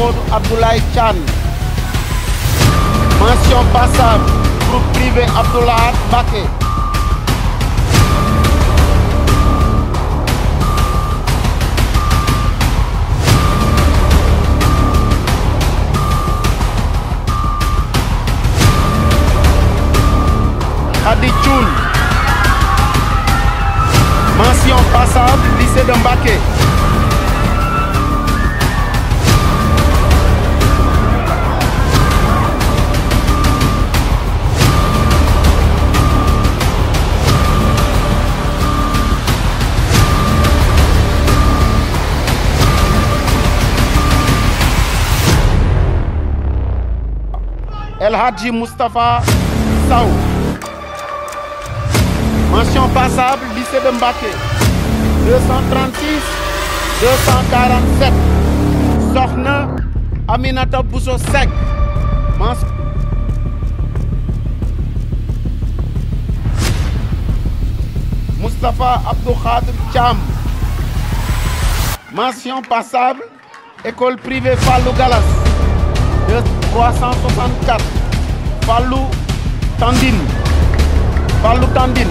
Modou Abdoulaye Thian. privé Abdoulaye Baké. Khady Thioune. Mention passable, lycée de El Hadji Moustapha Sow mention passable lycée de Mbacké 236 Aminata Bousso Seck mention Moustapha Abdou Khadir passable école privée Fallou Galas 364 Fallou Tandine Fallou Tandine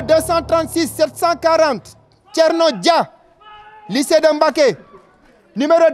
le 236 740 Thierno Dia lycée de Mbacké numéro